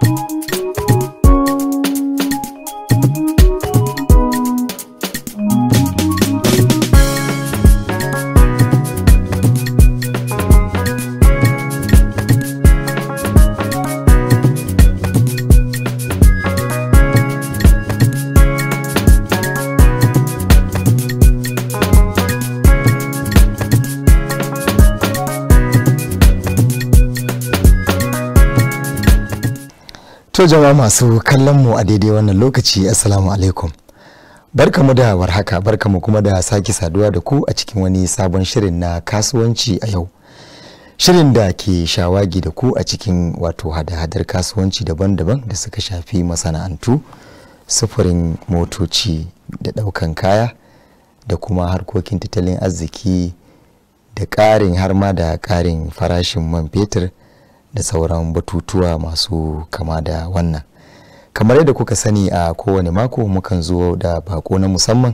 Thank you. To jama'a masu kallon mu a daidai wannan lokaci assalamu alaikum. Barkamu da warhaka barkamu kuma da sake saduwa da ku a cikin wani sabon shirin na kasuwanci a yau. Shirin da ke shawagi da ku a cikin wato hada-hadar kasuwanci daban-daban da suka shafi masana'antu, sufurin motoci da ɗaukan kaya da kuma harkokin tattalin arziki da ƙarin har ma da ƙarin farashin man fetur. da sauran batutuwa masu kama da wannan kamar yadda kuka sani a kowane mako mukan zo da bako na musamman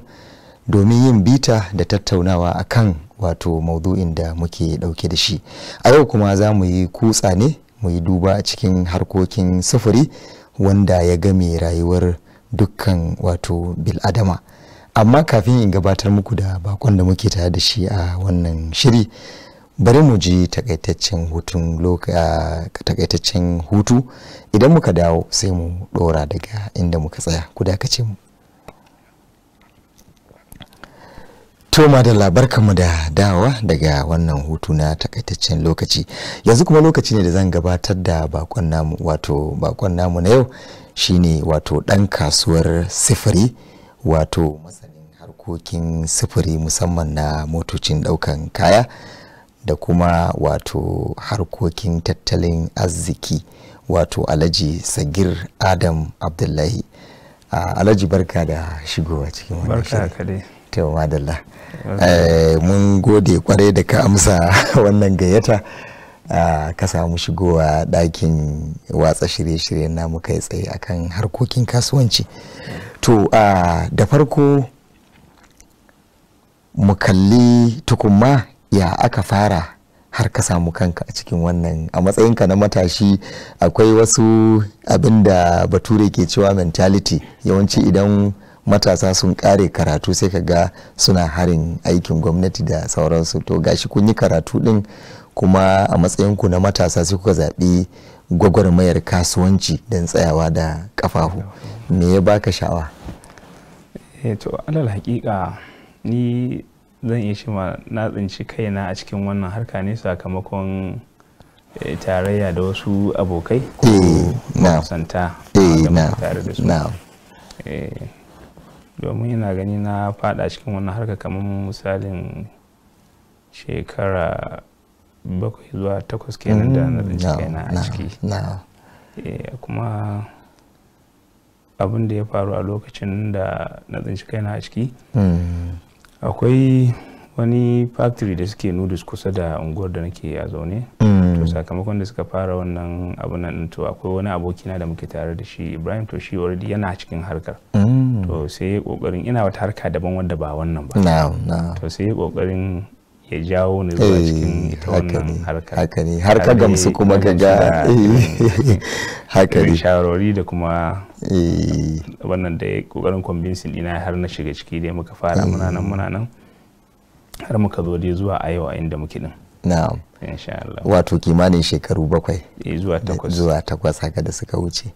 domin yin bita da tattaunawa akan wato maudu'in da muke dauke da shi a yau kuma za mu yi kutsa ne mu yi duba a cikin harkokin sufuri wanda ya game rayuwar dukkan wato bil'adama amma kafin in gabatar muku da bakon da muke tare da shi a wannan shiri bari mu ji takaitaccen hutun takaitaccen hutu idan muka dawo sai mu dora daga inda muka tsaya ku dakace mu To madalla barkanmu da dawa daga wannan hutu na takaitaccen lokaci. Yanzu kuma lokaci ne da zan gabatar da bakon namu wato bakon namu na yau shine wato dan kasuwar sifiri wato masanin harkokin sifiri musamman na motocin daukan kaya da kuma wato harkokin tattalin arziki wato alhaji sagir adam abdullahi alhaji barka da shigowa cikin wani shirin to madalla eh, mun gode kwarai da ka amsa wannan gayyata ka samu shigowa ɗakin watsa shirye-shiryen namu kai tsaye akan harkokin kasuwanci to da farko mu kalli tukumma ya aka fara har ka samu kanka a cikin wannan a matsayinka na matashi akwai wasu abin da bature ke cewa mentality yawanci idan matasa sun kare karatu sai ka ga suna harin aikin gwamnati da sauransu to gashi kun yi karatu din kuma a matsayinku na matasa sai kuka zaɓi gwagwarmayar kasuwanci don tsayawa da kafafu me ya baka sha'awa? Eh to alal hakika ni zan iya shi na tsinci kaina a cikin wannan harka ne sakamakon eh, tarayya da wasu abokai ko eh, santa eh, tare da su domin yana gani na fada cikin wannan harka kamar misalin shekara bakwai zuwa takwas kenan da na tsinci mm, kaina a ciki kuma abin da ya faru a lokacin da na tsinci kaina a ciki mm. akwai wani factory da suke noodles kusa da unguwar da nake a zaune to mm. sakamakon da suka fara wannan abu nan to akwai wani abokina da muke tare da shi ibrahim to shi already yana cikin harkar mm. to sai ya kokarin ina wata harka daban wadda ba wannan ba to sai ya kokarin ya jawo ni zuwa eh, cikin ita wannan harkar haka ne har ka gamsu kuma ka ga eh, haka ne shawarwari da kuma eh. wannan da ya kokarin convincing dina har na shiga ciki dai muka fara hmm. muna nan muna nan har muka zo dai zuwa a yau a inda muke din na'am insha Allah wato kimanin shekaru bakwai zuwa takwas zuwa takwas haka da suka wuce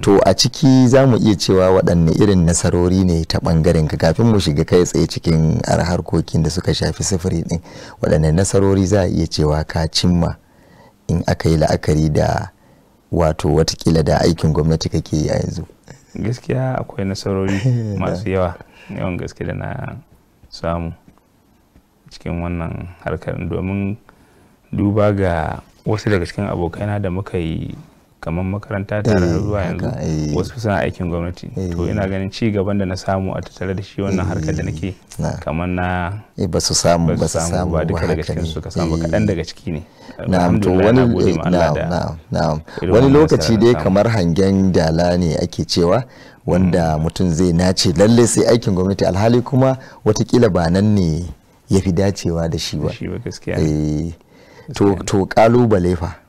to a ciki za mu iya cewa waɗanne irin nasarori ne ta ɓangaren ka kafin mu shiga kai tsaye cikin harkokin da suka shafi sufuri ɗin waɗanne nasarori za a iya cewa ka cimma in aka yi la'akari da wato watakila da aikin gwamnati kake yi a yanzu gaskiya akwai nasarori masu yawa yawan gaske da na samu cikin wannan harkar domin duba ga wasu daga cikin abokaina da muka yi kamar makaranta ta da eh, zuwa yanzu eh. wasu suna aikin gwamnati eh. to ina ganin ci gaban da na samu a tattare da shi wannan harkar da nake kamar na ba su samu ba su samu ba duka daga cikin su ka samu kaɗan daga ciki ne na'am to wani wani lokaci dai kamar hangen dala ne ake cewa wanda mm. mutum zai nace lalle sai aikin gwamnati alhali kuma watakila ba nan ne ya fi dacewa da shi ba to kalubale fa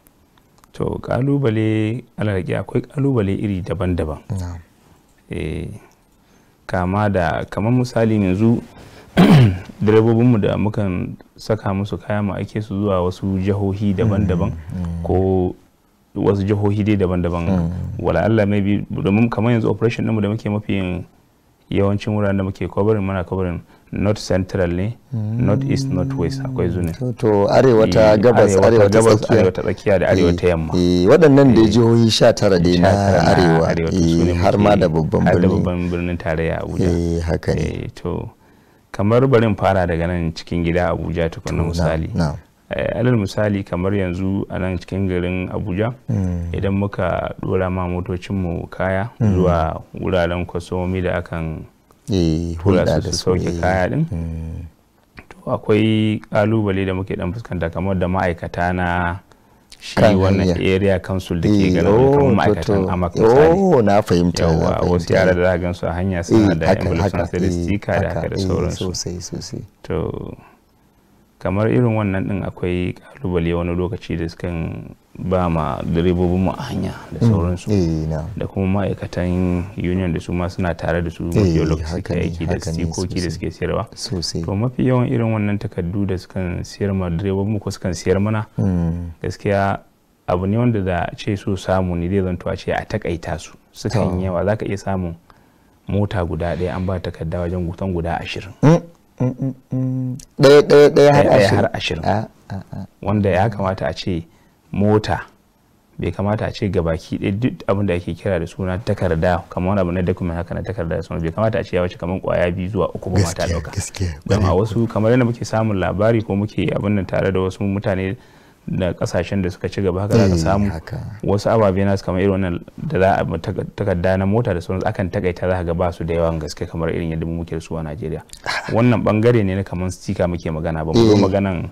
to kalubale alarki akwai kalubale iri daban-daban eh, kama da kamar misali yanzu direbobinmu da mukan saka musu kaya ma ake su zuwa wasu jihohi daban-daban mm, mm, mm. ko wasu jihohi dai daban-daban wala Allah mai bi domin kamar yanzu operation ɗinmu da muke mafi yawancin wuraren da muke kwabarin mana kwabarin north central ne north east mm. north west akwai zuni to arewa ta eh, gabas arewa ta tsakiya da arewa ta eh, yamma eh, waɗannan da jihohi 19 ne na arewa har ma da babban birnin tarayya abuja haka ne to kamar barin fara daga nan cikin gida abuja tukunna misali alal misali kamar yanzu a nan cikin garin abuja mm. idan muka dora ma motocinmu kaya mm. zuwa wuraren kwasomi da akan Eh, hulɗa da su sauke kaya din eh. to akwai kalubale da muke dan fuskanta kamar da ma'aikata na shi wannan area council da ke eh, gano oh, kuma ma'aikatan a misali oh, na fahimta wa wasu yara da za a a hanya suna da emulation da stika da haka da sauransu sosai sosai to kamar irin wannan din akwai kalubale wani lokaci da suka ba ma direbobin mu a hanya da mm. sauransu eh, da kuma ma'aikatan union da su ma suna tare da su mafi eh, lokaci suke aiki da sikoki da suke siyarwa to mafi yawan irin wannan takardu da sukan siyar ma direbobin mu ko sukan siyar mana mm. gaskiya abu ne wanda da ce so samu ne zai zanto a ce a takaita su sukan yawa zaka iya samun mota guda ɗaya an ba takarda wajen gutan guda ashirin mm. ɗaya ɗaya har ashirin ah, ah, ah. wanda ya kamata a ce mota bai kamata a ce gabaki ɗaya duk abin da ake kira da suna takarda kamar wani abu na document haka na takarda da suna bai kamata a ce ya wace kamar kwaya biyu zuwa uku ba mata ɗauka don a wasu kamar yadda muke samun labari ko muke abin nan tare da wasu mutane da kasashen da suka ci gaba haka za eh, samu wasu ababe nasu kamar irin wannan da za a takarda na mota da sauransu akan takaita za a ga ba su da yawan gaske kamar irin yadda muke da su a Najeriya wannan bangare ne na kamar stika muke magana ba mu eh, maganan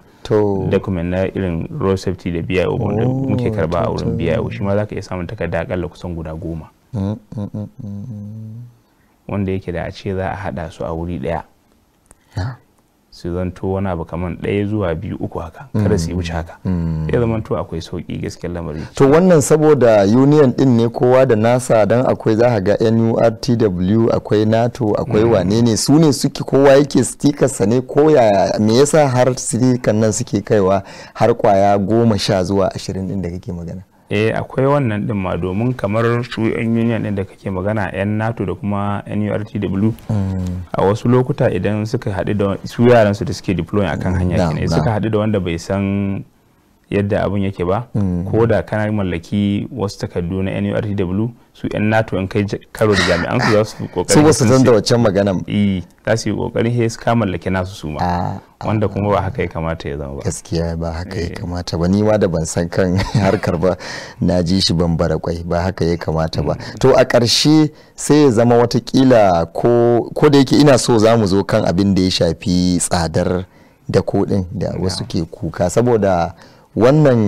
document na irin road safety da BIO da oh, muke karba a wurin BIO shi ma za ka iya samun takarda akalla kusan guda goma mm, mm, mm, wanda yake da a ce za a hada su a wuri daya. Ah. su zanto wani abu kamar ɗaya zuwa biyu uku haka mm. kada su yi wuce haka mm. ya zama to akwai sauƙi gaskiyar lamari to wannan saboda union din ne kowa da nasa don akwai za ga nurtw akwai nato akwai mm. wane ne su ne suke kowa yake stikarsa ne ko ya me yasa har stikan nan suke kaiwa har kwaya goma sha zuwa ashirin din da kake magana eh akwai wannan din ma domin kamar su yan union din da kake magana yan nato da kuma nurtw a wasu lokuta idan suka haɗu da su yaran su da suke deploying akan hanya kenan suka haɗu da wanda bai san yadda abin yake ba mm. ko da kana mallaki wasu takardu na nurtw su yan nato in kai karo da jami'an su za su kokarin su ba da waccan maganan eh za su yi kokarin he su ka mallaki nasu su ma ah, ah. wanda kuma ba haka ya kamata ya zama ba gaskiya ba haka ya eh. kamata ba ni ma da ban san kan harkar ba na ji shi ban bara kwai ba haka ya kamata ba mm. to a ƙarshe sai ya zama watakila ko ko da yake ina so za mu zo kan abin da ya shafi tsadar da kuɗin da wasu ke kuka saboda wannan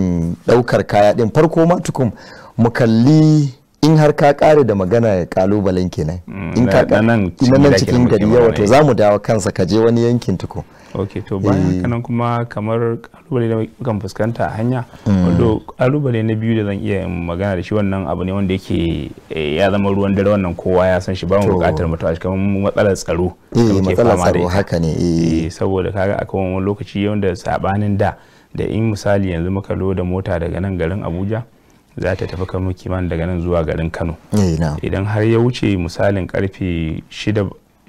daukar kaya din farko ma tukun mu kalli in har ka kare da magana kalubalen kenan mm, in ka nan cikin gari yawa to za mu dawo kansa ka je wani yankin tukun ok to bayan eh. haka nan kuma kamar kalubale da kan fuskanta a hanya mm. wando kalubale na biyu da zan iya magana da shi wannan abu ne wanda yake eh, ya zama ruwan dare wannan kowa ya san shi ba mu bukatar mutuwa shi kamar matsalar tsaro eh matsalar tsaro haka ne eh. saboda kaga akwai wani lokaci wanda sabanin da da in misali yanzu muka loda mota daga nan garin abuja za ta tafi kano kiman daga nan zuwa garin kano eh, idan har ya wuce misalin karfe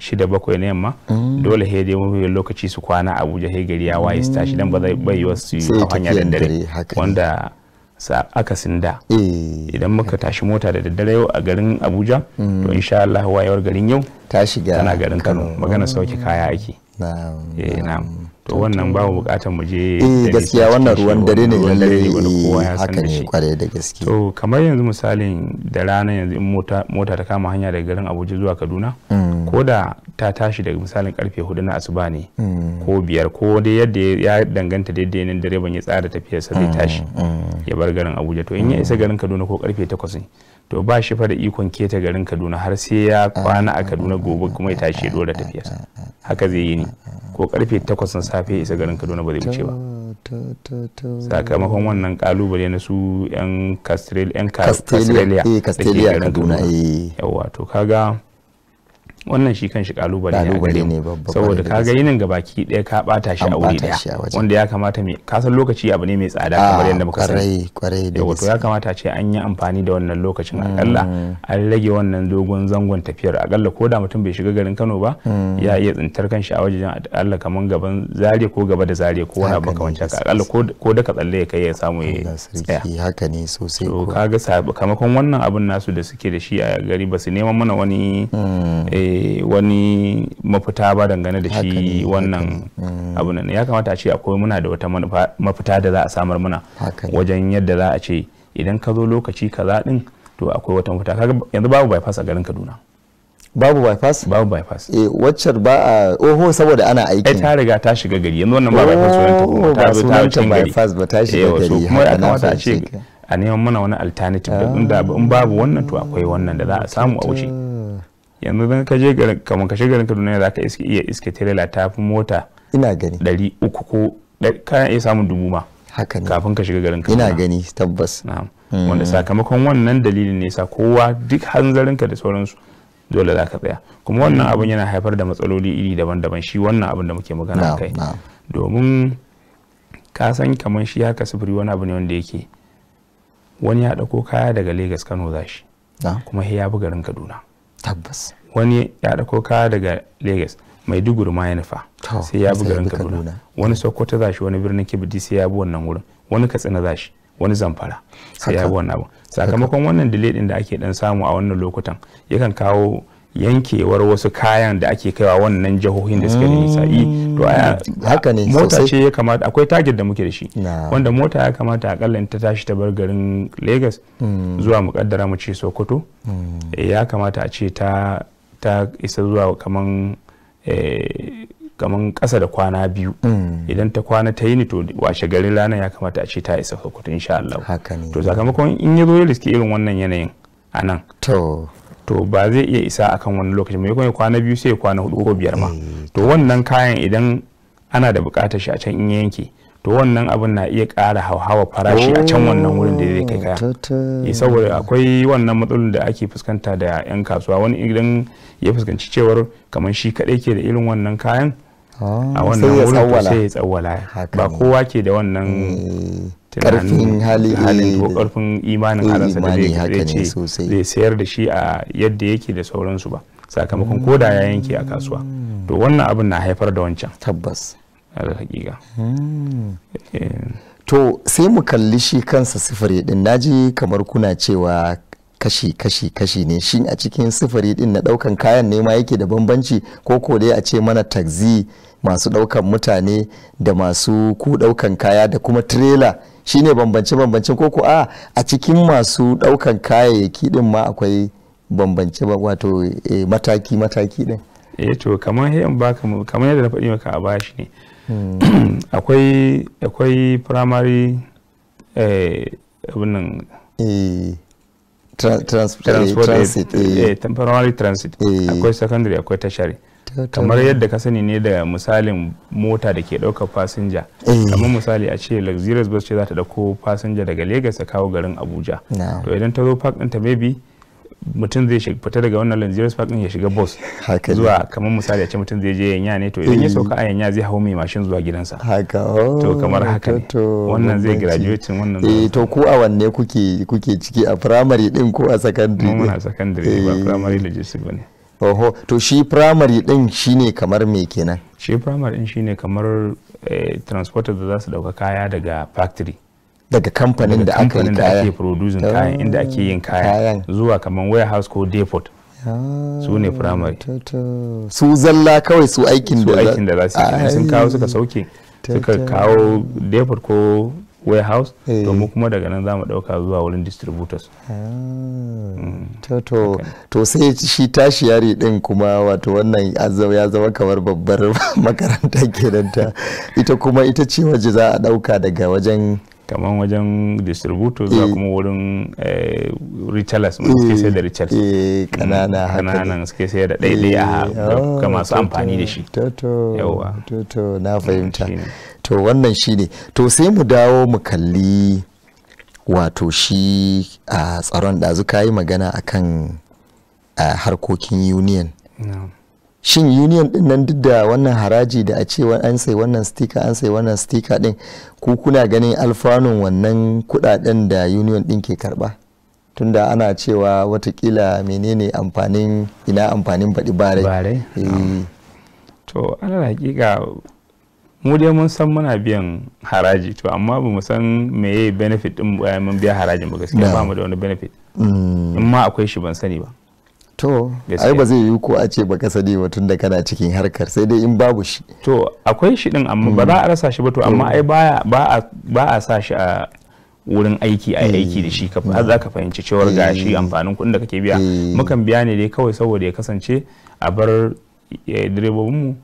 shida bakwai na yamma mm. dole he dai mafi lokaci su kwana abuja he gari ya waye su tashi dan ba zai bayyana su a hanya da dare wanda sa akasin da eh. idan muka tashi mota da daddare yau a garin abuja mm. to insha Allah wayewar garin yau ta shiga tana garin kano magana sauke mm. kaya ake na'am eh, to wannan babu bukatar mu je eh, gaskiya wannan ruwan dare ne lalle wani kowa ya san shi kware da gaske to kamar yanzu misalin da rana yanzu in mota ta kama hanya daga garin Abuja zuwa Kaduna mm. ko da ta tashi daga misalin karfe hudu na asuba ne mm. ko biyar ko dai yadda ya danganta daidai nan direban ya tsara tafiyar sa zai mm, tashi mm. ya bar garin abuja to in ya isa garin kaduna ko karfe takwas ne to ba shi fa da ikon keta garin kaduna har sai ya kwana a kaduna gobe kuma ya tashi ya dora tafiyar haka zai yi ne ko karfe takwas na safe ya isa garin kaduna ba zai wuce ba sakamakon wannan kalubale na su yan castelia eh, da ke garin kaduna eh. yawa to kaga wannan shi kan shi kalubale ne babba saboda ka ga yinin gabaki daya ka bata shi a wuri daya wanda ya kamata me ka lokaci abu ne mai tsada kamar ah, yadda muka sani kwarai da wato ya kamata ce an yi amfani da wannan lokacin akalla mm. an rage wannan dogon zangon tafiyar akalla ko da mutum bai shiga garin Kano ba mm. ya iya tsintar kan shi a wajen akalla kamar gaban zare ko gaba da zare ko wani abu kamar haka akalla ko da ka tsalle ya kai ya samu ya tsaya haka ne sosai ko kaga sakamakon wannan abun nasu da suke da shi a gari ba su neman mana wani mm. eh wani mafita ba dangane da shi wannan mm. abu nan ya kamata a ce akwai muna da wata mafita da za a samar muna wajen yadda za a ce idan ka zo lokaci kaza din to akwai wata mafita kaga yanzu babu bypass a garin Kaduna babu bypass babu bypass eh waccar ba a oho saboda ana aiki eh, ta riga ta shiga gari yanzu wannan ba bypass wannan ta oh, zo ta wuce gari bypass ba ta shiga eh, gari kuma ya kamata a ce a neman mana wani alternative da in babu wannan to akwai wannan da za a samu a wuce ah. yanzu dan ka je garin kamar ka shiga garin Kaduna za ka iya iske tirela ta fi mota ina gani ɗari uku ko kayan iya samun dubu ma haka kafin ka shiga garin Kaduna ina gani tabbas wanda mm. sakamakon wannan dalilin ne kowa duk hanzarinka da sauransu dole za ka tsaya kuma wannan mm. abin yana haifar da matsaloli iri daban-daban shi wannan abin da muke magana kai domin ka san kamar shi haka sufuri wani abu ne wanda yake wani ya ɗauko kaya daga Legas Kano zashi kuma ya buga garin Kaduna tabbas wani ya dauko kaya daga lagos duk ma ya nufa sai ya bi garin kaduna wani sokoto za shi wani birnin kibiti sai ya bi wannan wurin wani katsina za shi wani zamfara sai ya bi wannan abu sakamakon wannan delay din da ake dan samu a wannan lokutan yakan kawo yankewar wasu kayan da ake kaiwa wannan jihohin da suke da nisa'i mm. to haka ne mota ce ya kamata akwai target da muke da shi wanda mota ya kamata akalla ta tashi ta bar garin Lagos mm. zuwa mukaddara mu ce Sokoto mm. eh, ya kamata a ce ta isa zuwa kaman eh, kaman kasa da kwana biyu idan ta kwana ta yi ni to washe garin rana ya kamata a ce ta isa Sokoto insha Allah to sakamakon in yi zo ya irin wannan yanayin a nan to to ba zai iya isa akan wani lokaci mai kuma kwana biyu sai kwana hudu ko biyar ma eh. to wannan kayan idan ana da bukatar shi a can in yanke to wannan abin na iya kara hauhawa farashi a can wannan wurin da zai kai kaya oh, eh, saboda akwai wannan matsalolin da ake fuskanta da 'yan kasuwa wani idan ya fuskanci cewar kamar shi kaɗai ke da irin wannan kayan ah, a wannan wurin sai ya tsawwala ba kowa ke da wannan eh. karfin hali karfin imanin halinsa da zai sayar da shi a yadda yake da sauransu ba sakamakon ko da ya yanke a kasuwa to wannan abin na haifar da wancan tabbas hakika hmm. eh. to sai mu kalli shi kansa sifiri din ji kamar kuna cewa kashi kashi kashi ne shin a cikin sifiri din na daukan kayan nema yake da bambanci ko ko dai a ce mana taxi masu ɗaukan mutane da masu ku ɗaukan kaya da kuma tirela shine bambance-bambance ko ko a a cikin masu ɗaukan kayayyaki din ma akwai bambance ba wato mataki-mataki eh, din eh to kamar yayin baka kamar yadda na faɗi maka a baya ne hmm. akwai akwai primary eh abin eh trans, transport, eh, eh, temporary eh. eh, transit akwai secondary akwai tertiary kamar yadda ka sani ne da misalin mota da ke ɗaukar fasinja eh. kamar misali a ce luxurious bus ce za ta ɗauko fasinja daga lagos ta kawo garin abuja to idan ta zo park ta maybe mutum zai fita daga wannan luxurious park ya shiga bus zuwa kamar misali a ce mutum zai je yanya ne to idan ya eh. sauka a yanya zai hau mai mashin zuwa gidansa haka to oh, kamar haka ne wannan zai graduating wannan eh, to ko a wanne kuke kuke ciki a primary din ko a secondary muna secondary ba primary logistics bane oho to shi primary din shine kamar me kenan shi primary din shine kamar eh, transporter da za su dauka kaya daga factory daga kamfanin da aka yi kayan ake producing kayan inda ake yin kayan zuwa kamar warehouse ko depot ah, su ne primary su zalla kawai su aikin da za su yi sun kawo suka sauke suka kawo depot ko warehouse to mu eh. kuma daga nan za mu ɗauka zuwa wurin distributors ah. mm. to to sai shi tashi yari din kuma wato wannan ya zama kamar babbar makaranta kenan ta ita kuma ita ce waje za a ɗauka daga wajen kamar wajen distributor Za eh. kuma wurin eh, retailers mai suke sai da retailers kanana kananan suke sai da daidai a ga masu oh, amfani da shi yawa na fahimta to wannan shine to sai mu dawo mu kalli wato shi a tsaron ɗazu ka yi magana a kan harkokin union shin union din nan duk da wannan haraji da a ce an sai wannan stika an sai wannan sticker din ku kuna ganin alfanun wannan kudaden da union din ke karba tunda ana cewa watakila menene amfanin ina amfanin baɗi bare eh. to ana hakika mu dai mun san muna biyan haraji to amma ba mu san me meye benefit din bayan eh, mun biya harajin ba gaskiya ba mu da wani benefit mm. in ma akwai shi ban sani ba to ai ba zai yi ko a ce baka sani ba tun da kana cikin harkar sai dai in babu shi to akwai shi din amma ba za a rasa shi ba to amma mm. ai baya ba a sa shi a wurin aiki a mm. aiki da shi har za ka fahimci cewar ga shi amfanin kuɗin da kake biya mukan biya ne dai kawai saboda ya kasance a bar Eh, direbobin mu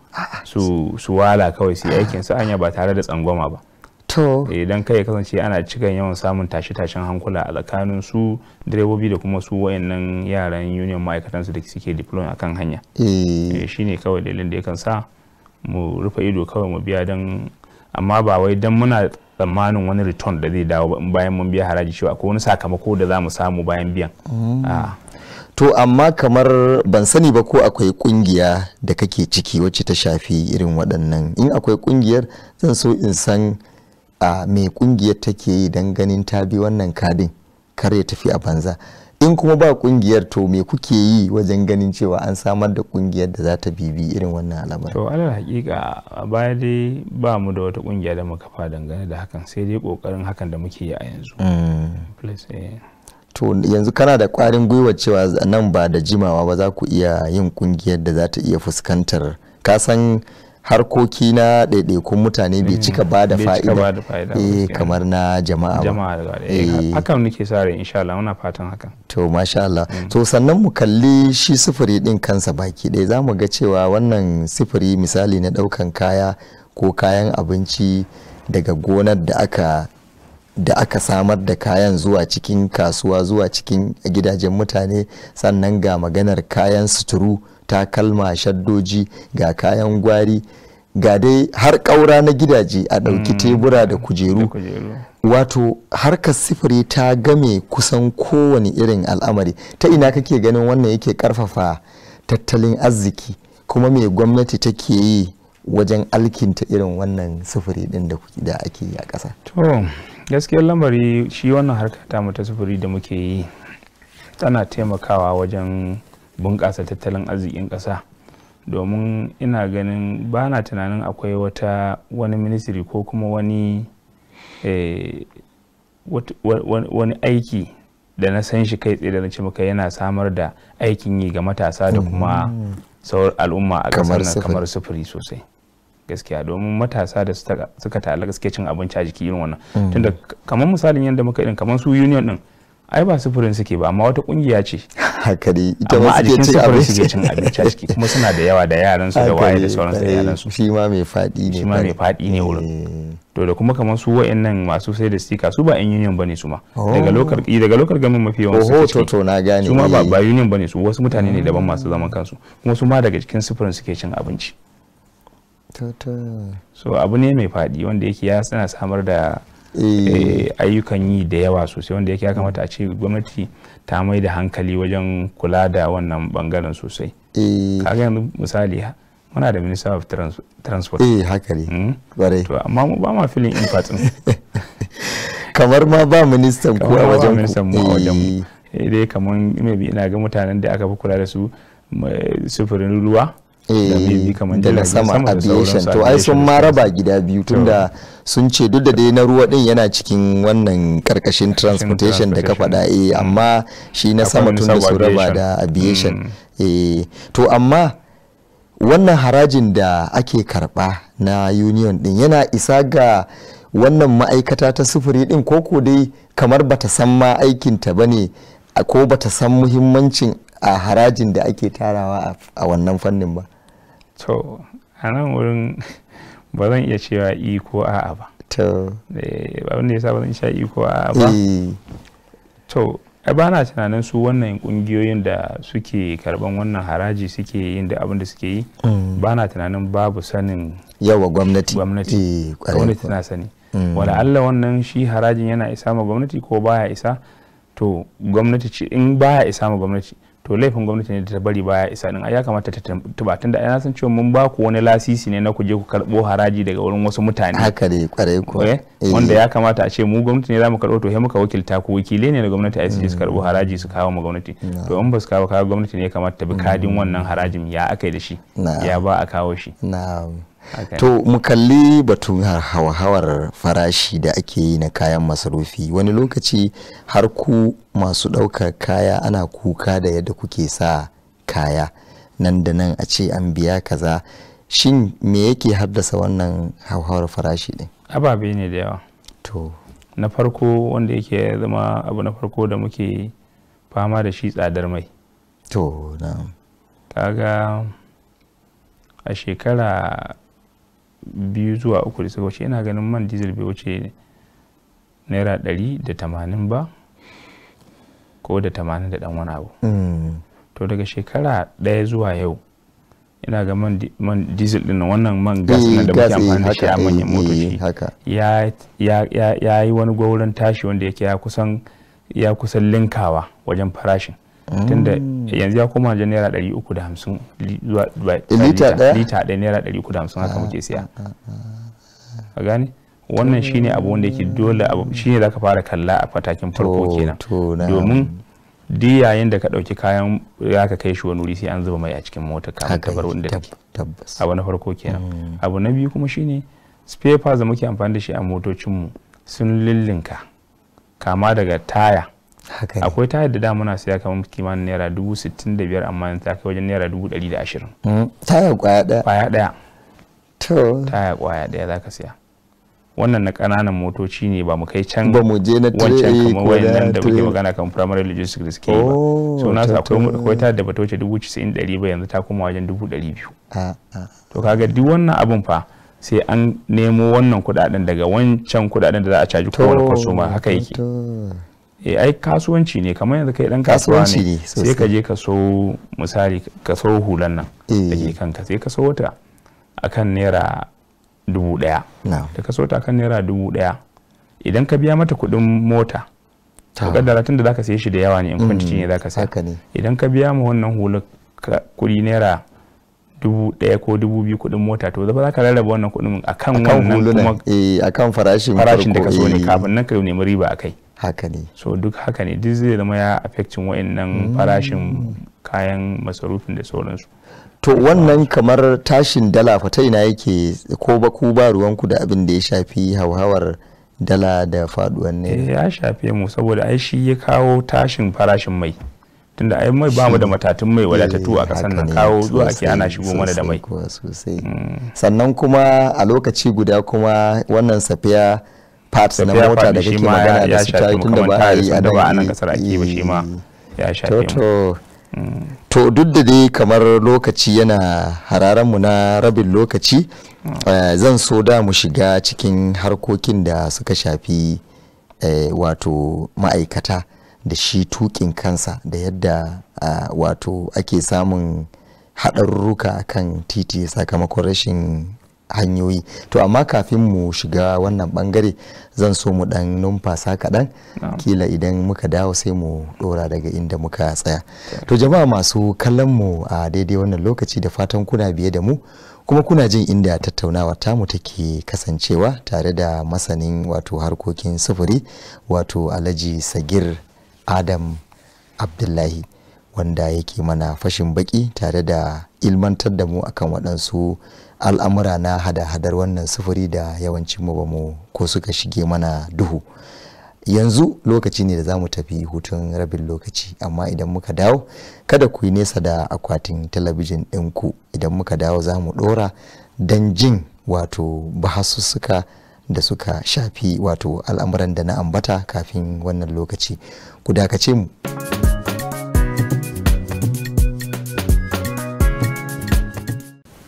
su su wala kawai su aikin su hanya ba tare da tsangwama ba to idan eh, kai kasance ana cikin yawan samun tashe-tashen hankula a tsakanin su direbobi da kuma su wayannan yaran union ma'aikatan su da suke diploma akan hanya eh. shine kawai dalilin da yakan sa mu rufe ido kawai mu biya don amma ba wai dan muna tsammanin wani return da zai dawo bayan mun biya haraji cewa ko wani sakamako da za mu samu bayan biyan mm. to amma kamar ban sani ba ko akwai kungiya da kake ciki wacce ta shafi irin waɗannan in akwai kungiyar zan so in san a me kungiyar take yi don ganin ta bi wannan kadin kar ya tafi a banza in kuma ba kungiyar to me kuke yi wajen ganin cewa an samar da kungiyar da za ta bibi irin wannan alamar. to alal hakika a baya dai ba mu da wata kungiya da muka fa dangane da hakan sai dai kokarin hakan da muke yi a yanzu mm. eh. to yanzu kana da kwarin gwiwa cewa nan ba da jimawa ba za ku iya yin kungiyar da za ta iya fuskantar kasan harkoki na ɗaiɗaikun mutane bai cika mm, ba da fa'ida eh kamar na jama'a ba eh, eh. hakan nake sa rai insha Allah muna fatan hakan to masha Allah mm. to sannan mu kalli shi sufuri din kansa baki ɗaya zamu ga cewa wannan sufuri misali na ɗaukan kaya ko kayan abinci daga gonar da aka da aka samar da kayan zuwa cikin kasuwa zuwa cikin gidajen mutane sannan ga maganar kayan suturu takalma shaddoji ga kayan gwari ga dai har ƙaura na gidaje a ɗauki mm, tebura da kujeru wato harkar sifiri ta game kusan kowane irin al'amari ta ina kake ganin wannan yake ƙarfafa tattalin arziki kuma me gwamnati take yi wajen alkinta irin wannan sufuri ɗin da ake yi a ƙasa. gaskiyar lamari shi wannan harka ta mu ta sufuri da muke yi tana taimakawa wajen bunƙasa tattalin arzikin ƙasa domin ina ganin ba na tunanin akwai wata wani ministry ko kuma eh, wani wani aiki da na san shi kai tsaye da na ce maka yana samar da aikin yi ga matasa da kuma mm. sauran al'umma a kamar sufuri sosai gaskiya domin matasa da suka ta'allaka suke cin abinci a jiki irin wannan mm. tunda kamar misalin yadda muka irin kamar su union din ai ba sufurin suke ba amma wata kungiya ce haka ne ita ma suke cin abinci suke cin abinci a ciki kuma suna da yawa da yaran su da waye da sauransu da yaran su shi ma mai fadi ne shi ma mai fadi ne wurin eh. to da kuma kamar su wa'annan masu sai da stika su ba in union bane su ma oh. daga lokar eh, daga lokar gamin mafi yawan su to to na gane su ma eh. ba union bane su wasu mutane ne daban masu mm. zaman kansu kuma su ma daga cikin sufurin suke cin abinci so abu ne mai faɗi wanda yake ya suna samar da eh. Eh, ayyukan yi da yawa sosai wanda yake ya kamata a ce gwamnati ta mai da hankali wajen kula da wannan bangaren sosai eh. kaga yanzu misali muna da minister of transport eh haka ne bare hmm? to amma mu ba ma filin impact kamar ma ba ministan ko a wajen ministan mu a wajen mu dai kamar maybe ina ga mutanen da aka fi kula da su sufurin ruwa Eh, da na sama aviation to ai sun ma raba gida biyu tunda sun ce duk da dai na ruwa din yana cikin wannan karkashin transportation da ka faɗa eh amma shi na sama tun da su raba da aviation mm. eh to amma wannan harajin da ake karba na union din yana isa ga wannan ma'aikata ta sufuri din ko dai kamar bata san ma aikinta ne ko bata san muhimmancin a harajin da ake tarawa a wannan fannin ba to a nan wurin ba zan iya cewa i ko a'a ba to eh, abin da ya sa ba zan sha i ko a'a ba eh. to ba na tunanin su wannan kungiyoyin da suke karban wannan haraji suke yin da abin da suke yi mm. ba na tunanin babu sanin yawa gwamnati gwamnati eh, gwamnati na sani mm. wala Allah wannan shi harajin yana isa ma gwamnati ko baya isa to gwamnati ce in baya isa ma gwamnati to laifin gwamnati ne da ta bari baya isa din ya kamata ta tuba tun da ana san cewa mun ba ku wani lasisi ne na ku je ku karbo haraji daga wurin wasu mutane haka ne kwarai ko eh, eh. wanda ya kamata a ce mu gwamnati ne zamu karbo to sai muka wakilta ku wakile ne da gwamnati ai su karbo mm. haraji su kawo mu gwamnati to in ba su kawo kawo gwamnati ne ya kamata ta bi kadin mm. wannan harajin ya aka akai da shi ya ba a kawo shi na'am to mu kalli batun hawar farashi da ake yi na kayan masarufi wani lokaci har ku masu ɗaukar kaya ana kuka da yadda kuke sa kaya nan da nan a ce an biya kaza shin me yake haddasa wannan hauhawar farashi ɗin ababe ne da yawa to na farko wanda yake zama abu na farko da muke fama da shi tsadar mai to na kaga a shekara biyu zuwa uku da suka wuce ina ganin man diesel bai wuce naira ɗari da tamanin ba ko da tamanin da ɗan wani abu mm. to daga shekara ɗaya zuwa yau ina ga man diesel din wannan man gas na da muke mm, amfani da shi a manyan mm, motoci ya yi wani gwauron tashi wanda yake ya kusan linkawa wajen farashin tunda mm. yanzu ya koma wajen naira ɗari uku da hamsin zuwa eh, lita ɗaya lita ɗaya naira ɗari uku da hamsin haka ah, muke siya ah, ah, a gane wannan mm. shine abu wanda yake dole abu shine zaka fara kalla a fatakin farko kenan domin duk yayin da ka ɗauki kayan ya ka kai shi wani wuri sai an zuba mai a cikin mota kamar ka bar wanda tabbas abu na farko kenan mm. abu na biyu kuma shine spare parts da muke amfani da shi a motocinmu sun lillinka kama daga taya akwai taya da damuna siya kamar kimanin naira dubu sittin da biyar amma ta kai wajen naira dubu ɗari da ashirin hmm. taya kwaya ɗaya kwaya ɗaya to taya kwaya ɗaya za ka siya wannan na ƙananan motoci ne ba mu kai can ba mu je na wancan kamar wayannan da muke magana kan primary logistics da suke ba oh, so na sa akwai taya da batoce ta dubu casa'in ɗari ba yanzu ta koma wajen dubu ɗari biyu to kaga duk wannan abin fa sai an nemo wannan kuɗaɗen daga wancan kuɗaɗen da za a caji kowane ma haka yake e ai kasuwanci ne kamar yanzu kai dan kasuwa ne sai ka je ka so misali ka so hulan nan da eh. ke kanka sai ka so ta akan naira dubu daya da ka so ta akan naira dubu daya idan ka biya mata kuɗin mota ka kaddara tun da zaka sai shi da yawa ne in kwantici mm, ne zaka saya idan ka biya ma wannan hulan kudi naira dubu daya ko dubu biyu kuɗin mota to zaba za ka rarraba wannan kuɗin a kan wannan kuma eh, a kan farashin farashin da ka so ne kafin nan ka nemi riba a kai haka ne so duk haka ne duk zai zama ya affectin wa'annan mm. farashin kayan masarufin da sauransu to wannan kamar tashin dala fa ina yake ko ba ku ba ruwanku da abin da ya shafi hauhawar dala da faduwan ne eh, ya shafe mu saboda ai shi ya kawo tashin farashin mai tunda ai mai bamu da matatun mai wadatattu a kasan eh, nan kawo zuwa ake ana shigo mana da mai mm. sannan kuma a lokaci guda kuma wannan safiya parts na mota da kake magana da su tun da ba a yi a a nan kasar ake ba shi ma ya shafe to mm. to duk da dai kamar lokaci yana hararen mu na rabin lokaci mm. eh, zan so da mu shiga cikin harkokin da suka shafi eh, wato ma'aikata da shi tukin kansa da yadda wato ake samun haɗarurruka kan titi sakamakon rashin hanyoyi to amma kafin mu shiga wannan bangare zan so mu dan numfasa kaɗan kila idan muka dawo sai mu ɗora daga inda muka tsaya to jama'a masu kallon mu a daidai wannan lokaci da fatan kuna biye da mu kuma kuna jin inda tattaunawa ta mu take kasancewa tare da masanin wato harkokin sufuri wato alhaji sagir adam abdullahi wanda yake mana fashin baki tare da ilmantar da mu akan waɗansu al'amura na hada-hadar wannan sufuri da yawancin mu bamu ko suka shige mana duhu yanzu lokaci ne da za mu tafi hutun rabin lokaci amma idan muka dawo kada ku yi nesa da akwatin talabijin ɗinku idan muka dawo za mu ɗora don jin wato bahasussuka da suka shafi wato al'amuran da na ambata kafin wannan lokaci ku dakace mu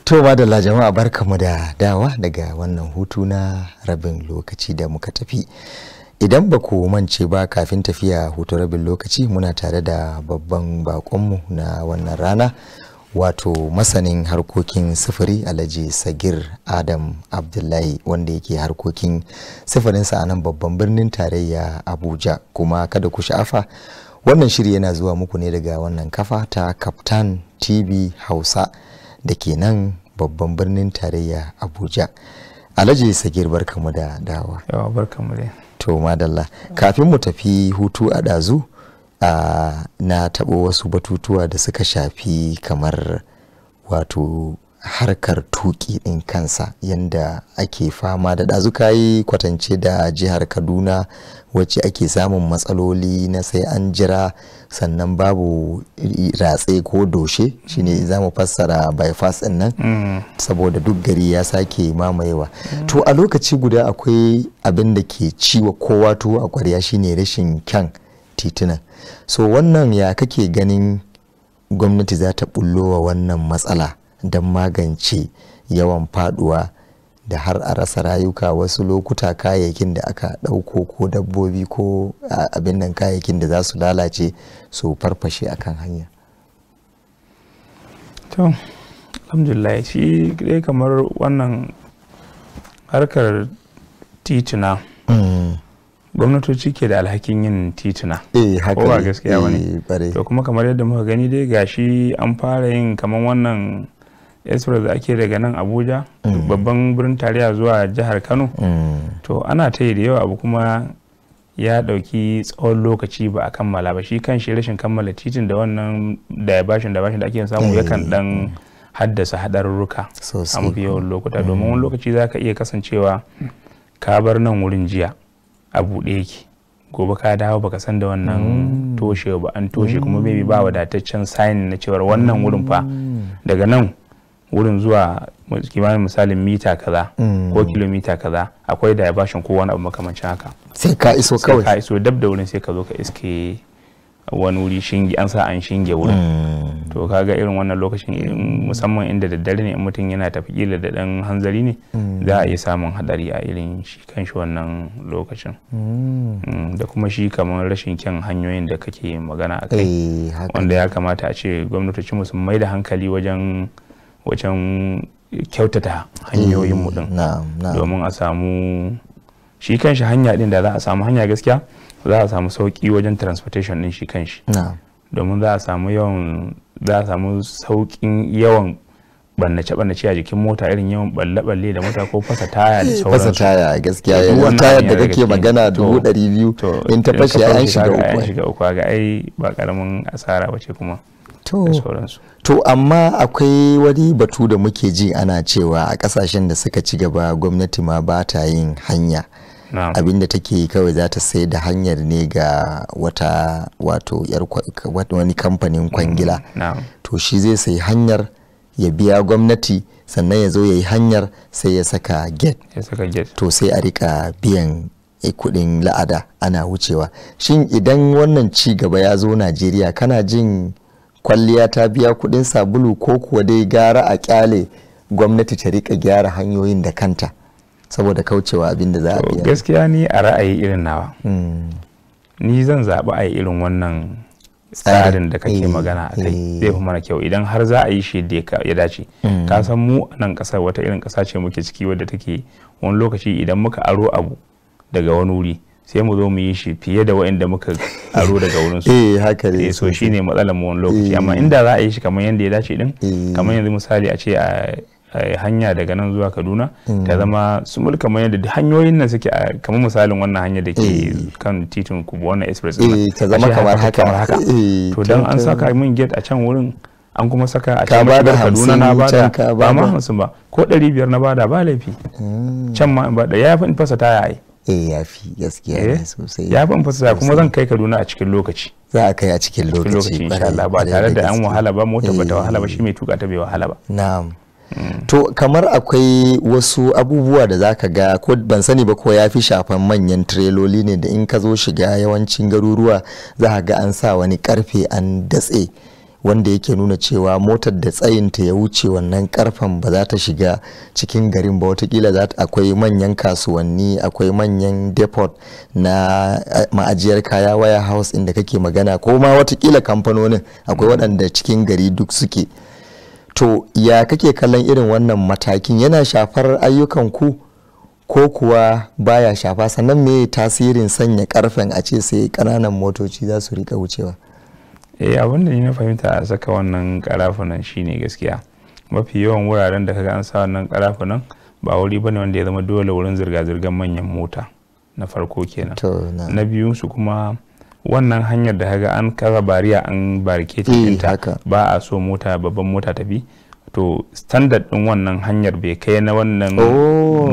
To ba da la jama'a barkamu da dawa daga wannan hutu na rabin lokaci da muka tafi. Idan ba ku mance ba kafin tafiya hutu rabin lokaci muna tare da babban bakonmu na wannan rana wato masanin harkokin sufuri alhaji sagir adam abdullahi wanda yake harkokin sufurinsa a nan babban birnin tarayya abuja kuma kada ku sha'afa wannan shiri yana zuwa muku ne daga wannan kafa ta kaftan tv hausa da ke nan babban birnin tarayya abuja alhaji sagir barkamu da dawa yawa barkamu dai to madalla kafin mu tafi hutu a ɗazu na taɓo wasu batutuwa da suka shafi kamar wato harkar tuki ɗin kansa yadda ake fama da ɗazuka yi kwatance da jihar kaduna wacce ake samun matsaloli na sai an jira sannan babu ratse ko doshe shine mm. za mu fassara bypass ɗin nan mm. saboda duk gari ya sake mamayewa to a lokaci guda akwai abin da ke ciwa kowa to a kwarya shine rashin kyan titunan so wannan ya kake ganin gwamnati za ta bullo wa wannan matsala don magance yawan faduwa da har a rasa rayuka wasu lokuta kayayyakin da aka ɗauko ko dabbobi ko abin nan kayayyakin da za su lalace su farfashe akan hanya to alhamdulillah shi dai kamar wannan harkar titina mm. gwamnatoci ke da alhakin yin tituna eh, ko ba gaskiya eh, wani to kuma kamar yadda muka gani dai gashi an fara yin kamar wannan express da ake daga nan abuja mm. babban birnin tarayya zuwa jihar kano mm. to ana ta yi da yawa abu kuma ya dauki tsawon lokaci ba a kammala ba shi kan shi rashin kammala titin da wannan da bashin da bashin da ake samu mm. yakan dan haddasa hadarurruka a mafi yawan lokuta domin wani lokaci za ka iya kasancewa ka bar nan wurin jiya a buɗe yake gobe ka dawo baka san da wannan toshe ba an toshe kuma bai ba wadataccen sign na cewar wannan wurin fa daga nan wurin zuwa kimanin misalin mita kaza mm. ko kilomita kaza akwai da bashin ko wani abu makamancin haka sai ka iso kawai sai ka iso dab da wurin sai ka zo ka iske wani wuri shinge an sa an shinge wurin mm. to kaga irin wannan lokacin musamman inda daddare ne mutum yana tafi da dan hanzari ne mm. za a yi samun hadari a irin shi kanshi wannan lokacin da kuma shi kamar rashin kyan hanyoyin da kake magana a kai eh, wanda ya kamata a ce gwamnatoci sun mai da hankali wajen wajen kyautata hanyoyin mu din mm, domin a samu shi kanshi hanya din da za a samu hanya gaskiya za a samu sauki wajen transportation din shi kanshi domin za a samu yawan za a samu saukin yawan bannace bannace a jikin mota irin yawan balle balle da mota ko fasa taya da sauransu fasa taya gaskiya yanzu tayar da kake magana dubu ɗari biyu in ta fashe an shiga uku ga ai ba karamin asara bace kuma to to amma akwai wani batu da muke ji ana cewa a kasashen da suka ci gaba gwamnati ma ba ta yin hanya Abin abinda take kawai za ta sai da hanyar ne ga wata wato wani kamfanin mm, kwangila to shi zai sai hanyar ya biya gwamnati sannan ya zo ya yi hanyar sai ya saka gate to sai a rika biyan eh, kudin la'ada ana wucewa shin idan wannan ci gaba ya zo najeriya kana jin kwalliya ta biya kuɗin sabulu ko kuwa dai gara a kyale gwamnati ta rika gyara hanyoyin da kanta saboda kaucewa abin da za a biya gaskiya ni a ra'ayi irin nawa hmm. ni zan zaɓi a yi irin wannan tsarin da kake eh, magana a kai eh. zai fi mana kyau idan har za a yi shi da ya dace hmm. ka san mu nan kasar wata irin ƙasa ce muke ciki wadda take wani lokaci idan muka aro abu daga wani wuri sai mu zo mu yi shi fiye da waɗanda muka aro daga wurin su eh haka ne eh, so shine matsalar mu wani lokaci amma eh. inda za a yi shi kamar yadda ya dace din eh. kamar yanzu misali a ce a hanya daga nan zuwa kaduna hmm. ta zama su mulka kamar yadda hanyoyin nan suke a kamar misalin wannan hanya da ke kan titin kubu wannan express ta zama kamar haka to dan an saka min gate a can wurin an kuma saka a can bada kaduna na bada ba ma hamsin ba ko ɗari biyar na bada ba laifi hmm. can ma ba da ya fi fasa ta yaye. eh ya fi gaskiya ne eh, sosai ya ban fasa kuma zan kai Kaduna a cikin lokaci za a kai a cikin lokaci insha Allah ba tare da an wahala ba mota ba ta eh. wahala ba shi mai tuka ta bai wahala ba na'am mm. to kamar akwai wasu abubuwa da zaka ga ko ban sani ba ko ya fi shafan manyan tireloli ne da in ka zo shiga yawancin garuruwa za ga an sa wani karfe an datse wanda yake nuna cewa motar da tsayinta ya wuce wannan karfen ba za ta shiga cikin garin ba watakila za akwai manyan kasuwanni akwai manyan depot na eh, ma'ajiyar kaya waya house inda kake magana ko ma watakila kamfanonin akwai waɗanda cikin gari duk suke to ya kake kallon irin wannan matakin yana shafar ayyukan ku ko kuwa baya shafa sannan me tasirin sanya karfen a ce sai ƙananan motoci za su rika wucewa eh abin da ni na fahimta a saka wannan karafunan shine gaskiya mafi yawan wuraren da kaga an sa wannan karafunan ba wuri bane wanda ya zama dole wurin zirga-zirgar manyan mota na farko kenan na biyun su kuma wannan hanyar da kaga an kaza bariya an barke eh, ta ba a so mota babban mota ta bi to standard din wannan hanyar bai kai na wannan oh,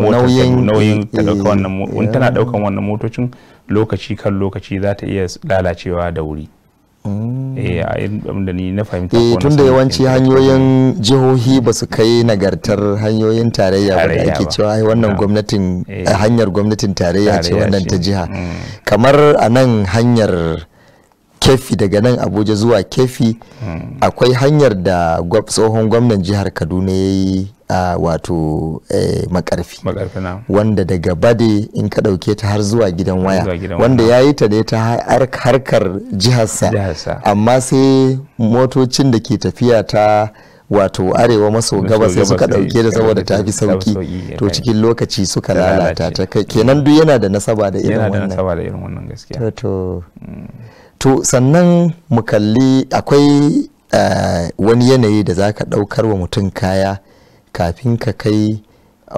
nauyin ta dauka wannan tana daukan wannan motocin lokaci kan lokaci za ta iya lalacewa da wuri eh, mm. eh yawanci hanyoyin jihohi ba su kai nagartar hanyoyin tarayya ba da ake cewa wannan gwamnatin eh. Eh, hanyar gwamnatin tarayya ce wannan ta jiha mm. kamar a nan hanyar kefi daga nan abuja zuwa kefi mm. akwai hanyar da tsohon gwamnan jihar kaduna ya yi a wato e, makarfi wanda daga bade in ka ɗauke ta har zuwa gidan waya wanda ya yi ta ne ta harkar jiharsa amma sai motocin da ke tafiya ta wato arewa maso gaba sai suka dauke da eh, saboda ta fi sauki eh, to cikin lokaci suka lalata ta kai kenan duk yana da nasaba da irin wannan to mm. to sannan mu kalli akwai eh, wani yanayi da za ka daukar wa mutum kaya kafin ka kai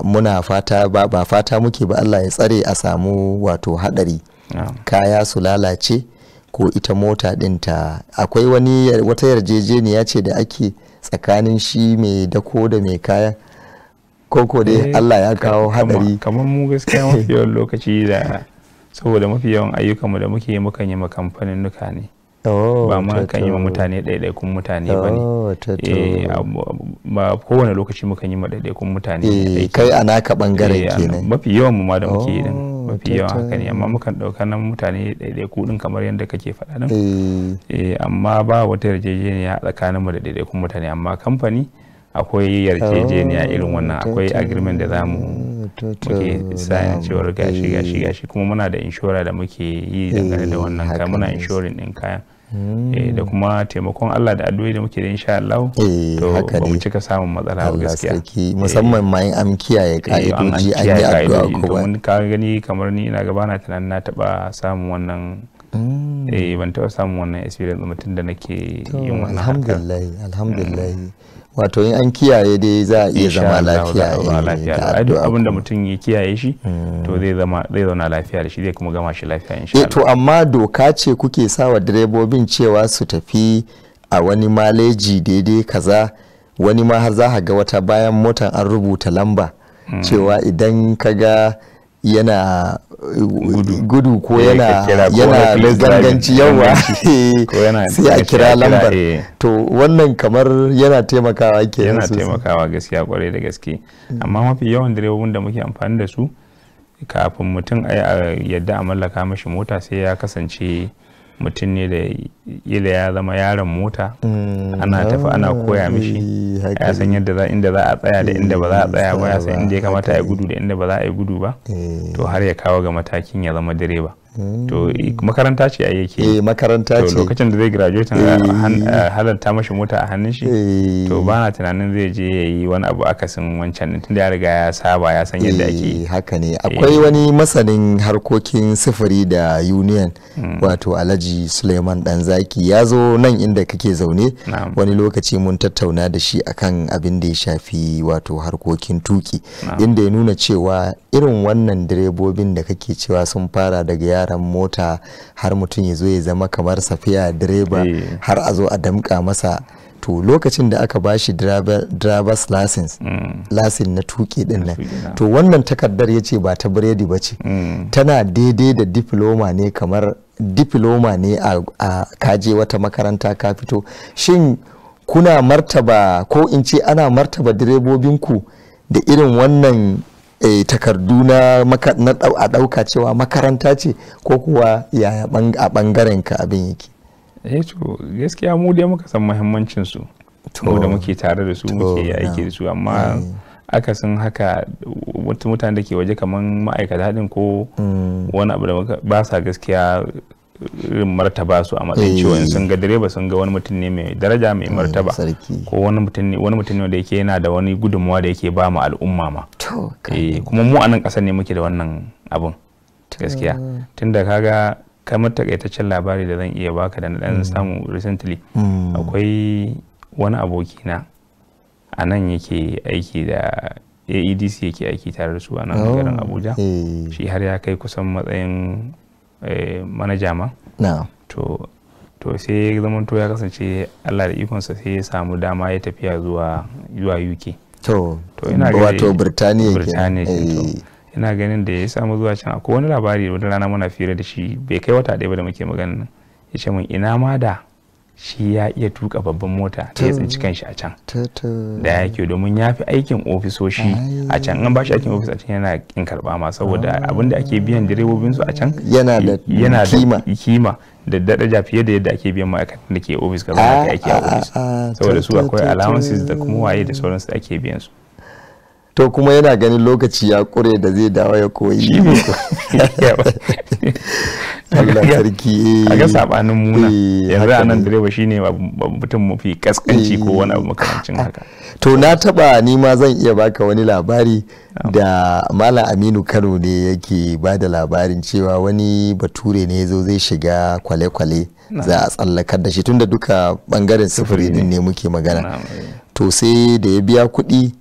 muna fata ba, ba fata muke ba Allah ya tsare a samu wato hadari kaya su lalace ko ita mota dinta akwai wani wata yarjejeniya ce da ake tsakanin shi mai dako da mai kaya koko dai eh, Allah ya kawo hadari kamar mu gaskiya mafi yawan lokaci da saboda mafi yawan ayyukanmu da muke yi mukan yi makamfanin nuka ne Oh, ba ma kan yi ma mutane ɗaiɗaikun mutane ba ne oh, eh, ba kowane lokaci mukan yi ma ɗaiɗaikun mutane eh, kai a naka ɓangaren eh, kenan mafi yawan mu ma da muke yi oh, mafi yawan haka ne amma mukan ɗauka nan mutane ɗaiɗaiku ɗin kamar yadda kake faɗa nan amma ba wata yarjejeniya tsakanin mu da ɗaiɗaikun mutane amma kamfani akwai yarjejeniya irin wannan akwai agreement da zamu muke sayan cewar gashi gashi gashi kuma muna da inshora da muke yi dangane da wannan muna inshorin ɗin kayan Eh, da hmm. kuma taimakon Allah da addu'o'i da muke da insha Allah eh, to ba mu cika samun matsala ba gaskiya eh. musamman ma in an kiyaye ka'idoji an yi addu'a ko ba ka gani kamar ni ina gaba na tunanin na taba samun wannan hmm. eh ban taba samun wannan experience mutum da nake yin wannan alhamdulillah alhamdulillah hmm. wato in an kiyaye dai za a iya zama lafiya da addu'a abin da mutum ya kiyaye shi hmm. to zai zama zai zauna lafiya da shi zai kuma gama shi lafiya insha eh, Allah to amma doka ce kuke sa wa direbobin cewa su tafi a wani maleji daidai kaza wani ma har za ga wata bayan motan an rubuta lamba hmm. cewa idan ka ga yana gudu eh, ko yana yana zanganci yawa sai a kira lambar eh. to wannan kamar yana taimakawa ke yana taimakawa gaskiya kwarai da gaske mm. amma mafi yawan direbobin da muke amfani da su kafin mutum a yadda a mallaka mashi mota sai ya kasance mutum ne da ila ya zama yaron mota mm. ana tafi ana koya mishi ya san yadda za inda za a tsaya da inda ba za a eh, tsaya ba ya san inda ya kamata a gudu da inda ba za a yi gudu ba to eh. har ya kawo ga matakin ya zama direba to mm. makaranta ce a yake eh makaranta ce to lokacin da zai graduate eh. halarta mashi mota a hannun shi eh. to ba na tunanin zai je ya yi wani abu akasin wancan din tunda ya riga ya saba ya san yadda ake eh, haka ne akwai wani masanin harkokin sufuri da union mm. wato alhaji suleiman danzaki ya zo nan inda kake zaune wani lokaci mun tattauna da shi akan abin da ya shafi wato harkokin tuki inda ya nuna cewa irin wannan direbobin da kake cewa sun fara daga yara gyaran mota har mutum ya zo ya zama kamar safiya direba eh. har a zo a damka masa to lokacin da aka bashi driver's license mm. lasin na tuki din nan to wannan takardar ya ce ba ta biredi ba ce mm. tana daidai da diploma ne kamar diploma ne a kaje wata makaranta ka fito shin kuna martaba ko in ce ana martaba direbobinku da irin wannan e, takardu na a ɗauka cewa makaranta ce ko kuwa yaya a ɓangaren ka abin yake eh to gaskiya mu dai muka san muhimmancin su mu da muke tare da su muke aiki da su amma eh. akasin haka wata mutane da ke waje kaman ma'aikata din ko mm. wani abu da ba sa gaskiya irin martaba su a matsayin eh. ciwon sun ga direba sun ga wani mutum ne mai daraja mai eh, martaba ko wani mutum ne wani mutum ne da yake yana da wani gudunmuwa da yake ba mu al'umma ma eh, kuma mu a nan kasar ne muke da wannan abun gaskiya tunda kaga kamar takaitaccen labari da zan iya baka da na dan mm. samu recently mm. akwai wani aboki na a nan yake aiki da aedc yake aiki tare da su a nan oh, garin abuja shi har ya kai kusan matsayin Eh, manaja ma to to sai ya zama to ya kasance Allah da ikonsa sai ya samu dama ya tafiya zuwa zuwa UK to to ina ga wato Birtaniya Birtaniya eh. ina ganin da ya samu zuwa can akwai wani labari wani rana muna fira da shi bai kai wata ɗaya ba da muke magana nan ya ce min ina ma da shi ya iya tuka babban mota ta ya tsinci kanshi a can da yake domin ya fi aikin ofisoshi a can an bashi aikin ofis a can yana in karba ma saboda ah. abinda ake biyan direbobin su a can yana da kima da daraja fiye da yadda ake biyan ma'aikatan da ke ofis kamar ah, ake aiki a ah, ofis saboda su akwai allowances da kuma waye da sauransu ake biyan su to kuma yana ganin lokaci ya kure da zai dawo ya koyi Allah sarki a ga sabanin muna eh, yanzu a nan direba shine mutum mafi kaskanci ko wani abu eh, makarancin haka to na taba ni ma zan iya baka wani labari da malam aminu kano ne yake ba da labarin cewa wani bature ne zo zai shiga kwale-kwale za a tsallakar da shi tunda duka bangaren sufuri ne muke magana eh. to sai da ya biya kuɗi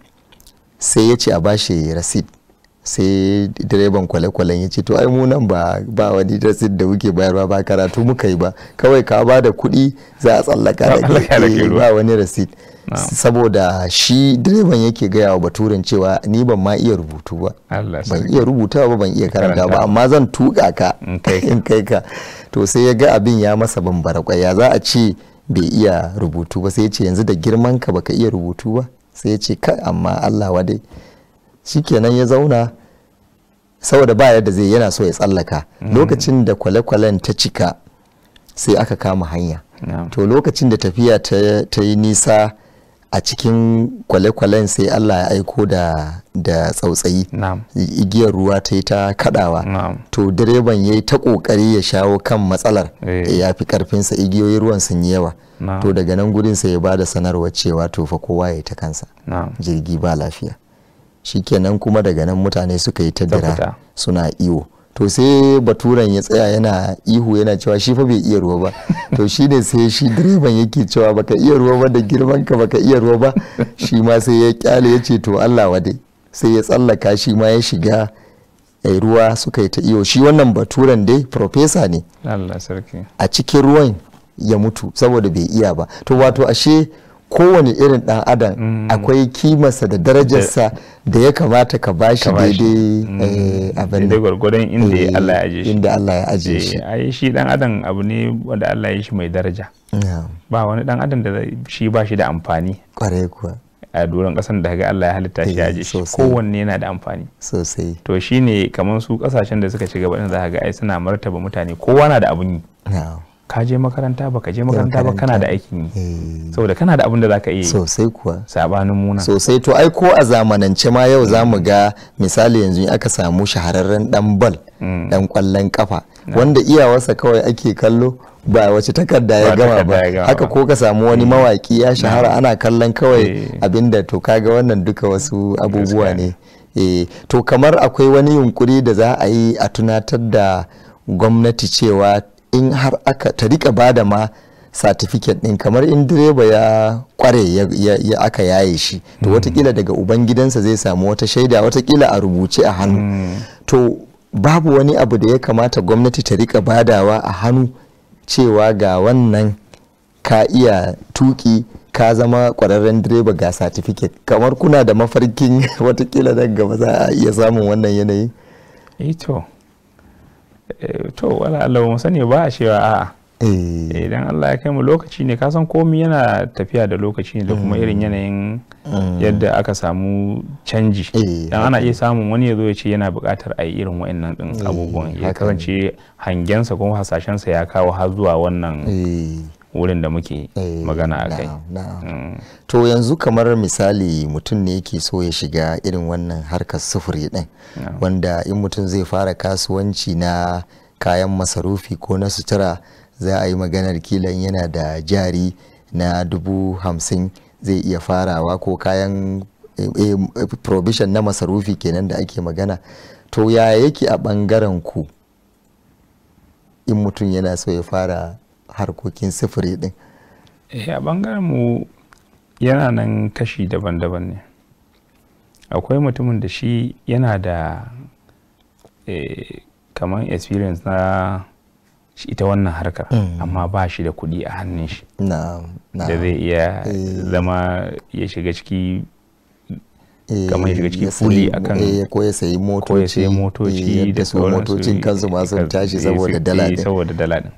sai ya ce a bashi rasid sai direban kwale-kwalen ya ce to ai munan nan ba ba wani rasid da muke bayarwa ba karatu muka yi ba kawai ka ba da kuɗi za a tsallaka da eh, ba wani rasid saboda shi direban yake gaya wa baturen cewa ni ban ma iya rubutu ba ban iya rubuta ba ban iya karanta ba amma zan tuka ka in kai ka to sai ya ga abin ya masa bambara kwaya za a ce bai iya rubutu ba sai ya ce yanzu da girman ka baka iya rubutu ba sai ya ce kai amma Allah wadai shikenan ya zauna saboda ba yadda zai yana so ya tsallaka mm. lokacin da kwale-kwalen ta cika sai aka kama hanya to lokacin da tafiya ta yi nisa a cikin kwale-kwalen sai Allah ya aiko da da tsautsayi igiyar ruwa ta yi ta kadawa to direban ya yi ta kokari ya shawo kan matsalar eh. ya fi karfinsa igiyoyin ruwan sun yi yawa to daga nan gurinsa ya ba da sanarwa cewa to fa kowa ya yi ta kansa jirgi ba lafiya shikenan kuma daga nan mutane suka yi ta dira suna iyo to sai baturan ya tsaya yana ihu yana cewa shi fa bai iya ruwa ba to shi ne sai shi direban yake cewa baka iya ruwa ba da girman ka baka iya ruwa ba shi ma sai ya kyale ya ce to Allah wa sai ya tsallaka shi ma ya shiga a eh, ruwa suka yi ta iyo shi wannan baturen dai profesa ne a cikin ruwan ya mutu saboda bai iya ba to wato ashe kowane irin dan adam mm. akwai kimarsa da darajarsa da ya kamata ka bashi daidai mm. eh, abin da gwargwadon inda eh, Allah ya aje shi inda Allah ya aje shi shi dan adam abu ne wanda Allah ya shi mai daraja ba wani dan adam da shi ba shi da amfani kwarai kuwa a doron kasan da ga Allah ya halitta shi ya eh, ji kowanne yana da amfani sosai to shine kamar su kasashen da suka ci gaba da za ga ai suna martaba mutane kowa na da abun yi ka je makaranta ba ka je makaranta ba kana da aikin yi eh. saboda kana da abun da zaka iya sosai kuwa sabanin muna sosai to ai ko a zamanance ma yau zamu ga misali yanzu in aka samu shahararren dan bal dan mm. kwallon kafa wanda iyawarsa kawai ake kallo ba wace takarda ya gama ba haka ko ka samu wani eh. mawaki ya shahara ana kallon kawai eh. abinda to kaga wannan duka wasu abubuwa ne eh, to kamar akwai wani yunkuri da za a yi a tunatar da gwamnati cewa in har aka ta rika bada ma satifiket din kamar in direba ya kware ya aka yaye shi to hmm. watakila daga ubangidansa zai samu wata shaida watakila a rubuce a hannu hmm. to babu wani abu da ya kamata gwamnati ta rika badawa a hannu cewa ga wannan ka iya tuki ka zama kwararren direba ga satifiket kamar kuna da mafarkin watakila nan gaba za a iya samun wannan yanayi? ito eh eh to wala Allah ba a cewa a'a Eh. idan Allah ya kai mu lokaci ne ka san komi yana tafiya da lokaci ne da kuma irin mm. yanayin mm. yadda aka samu canji eh, dan ana iya samun wani ya zo ya ce yana buƙatar a yi irin wa'annan din eh, abubuwan ya kasance hangensa kuma hasashensa ya kawo har zuwa wannan wurin da muke magana a kai mm. to yanzu kamar misali mutum ne yake so ya shiga irin wannan harkar sufuri ɗin wanda in mutum zai fara kasuwanci na kayan masarufi ko na sutura za a yi maganar kilan yana da jari na dubu hamsin zai iya farawa ko kayan eh, eh, provision na masarufi kenan da ake magana to ya yake a ɓangaren ku in mutum yana so ya fara harkokin sifiri din eh, a ɓangaren mu yana nan kashi daban-daban ne akwai mutumin da shi yana da kamar experience na shi ita wannan harkar hmm. amma ba shi da kuɗi a hannun shi da zai iya eh. zama ya shiga ciki eh, kamar ya shiga ciki fuli akan eh, ko ya sayi motoci da su motocin kansu masu tashi saboda dala din saboda dala din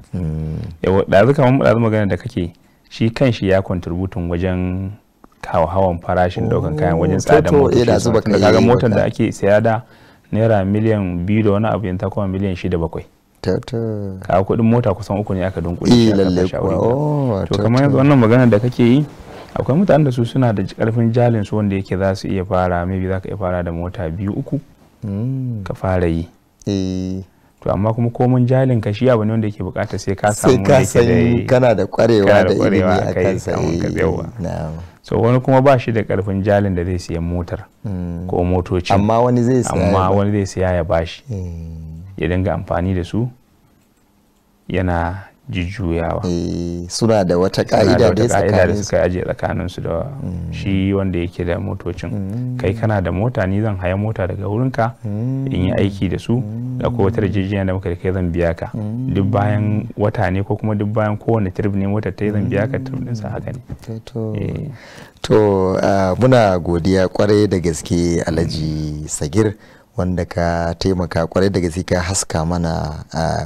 da hmm. zuka mun da magana da kake shi kanshi ya contributing wajen hawan farashin daukan kayan oh, wajen tsada motoci da kaga motar da ake saya naira miliyan biyu da wani abu yanzu kuma miliyan shida bakwai a kudin mota kusan uku ne aka dunkule eh, shi aka oh, to kamar yanzu wannan magana da kake yi akwai mutanen da su suna da karfin jalin su wanda yake za su iya fara maybe za ka iya fara da mota biyu uku hmm. ka fara yi eh. to amma kuma komin jalin ka shi abu ne wanda yake bukata sai ka samu da yake kana da kwarewa da ilimi a kansa eh, so wani kuma ba shi da karfin jalin da zai siya motar hmm. ko motoci amma wani zai siya ya bashi ya dinga amfani da su yana jujjuyawa eh, suna da wata ka'ida da ka'ida da suka ajiye tsakanin su da mm. shi wanda yake da motocin mm. kai kana da mota ni zan haya mota daga wurinka mm. in yi aiki da su da ko wata rajijiya da muka kai zan biya ka duk bayan wata ne ko kuma duk bayan kowane trip ne motar ta zan biya ka trip sa haka ne to eh. ah, muna godiya kwarai da gaske alhaji sagir wanda ka taimaka kwarai da gaske ka haska mana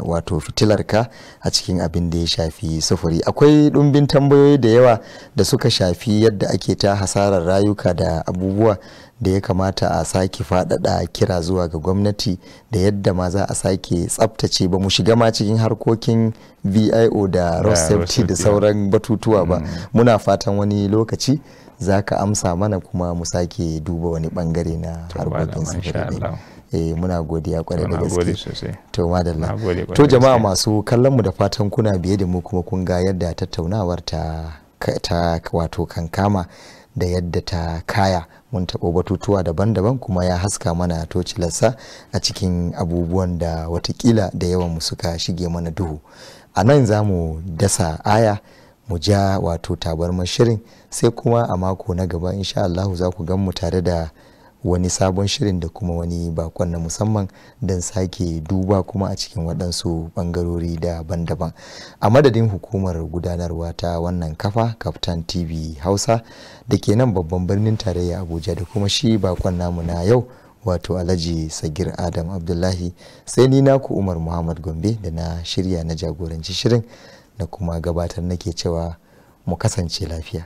wato fitilarka a cikin abin da ya shafi sufuri akwai ɗumbin tambayoyi da yawa da suka shafi yadda ake ta hasarar rayuka da abubuwa da ya kamata a sake faɗaɗa kira zuwa ga gwamnati da yadda ma za a sake tsabtace ba mu shiga ma cikin harkokin vio da road safety da sauran batutuwa ba mm. muna fatan wani lokaci za ka amsa mana kuma mu sake duba wani bangare na harkokin sufuri eh muna godiya kwarai da gaske to madalla to jama'a masu kallon mu da fatan kuna biye da mu kuma kun ga yadda tattaunawar ta ta wato kankama da yadda ta kaya mun taɓo batutuwa daban-daban kuma ya haska mana tocilarsa a cikin abubuwan da watakila da yawan mu suka shige mana duhu a nan za mu dasa aya mu ja wato tabarmar shirin sai kuma a mako na gaba insha Allahu za ku gan mu tare da wani sabon shirin da kuma wani bakon na musamman don sake duba kuma a cikin waɗansu ɓangarori daban-daban a madadin hukumar gudanarwa ta wannan kafa kaftan tv hausa da ke nan babban birnin tarayya abuja da kuma shi bakon namu na yau wato alhaji sagir adam abdullahi sai ni naku umar muhammad gombe da na shirya na jagoranci shirin na kuma gabatar nake cewa mu kasance lafiya.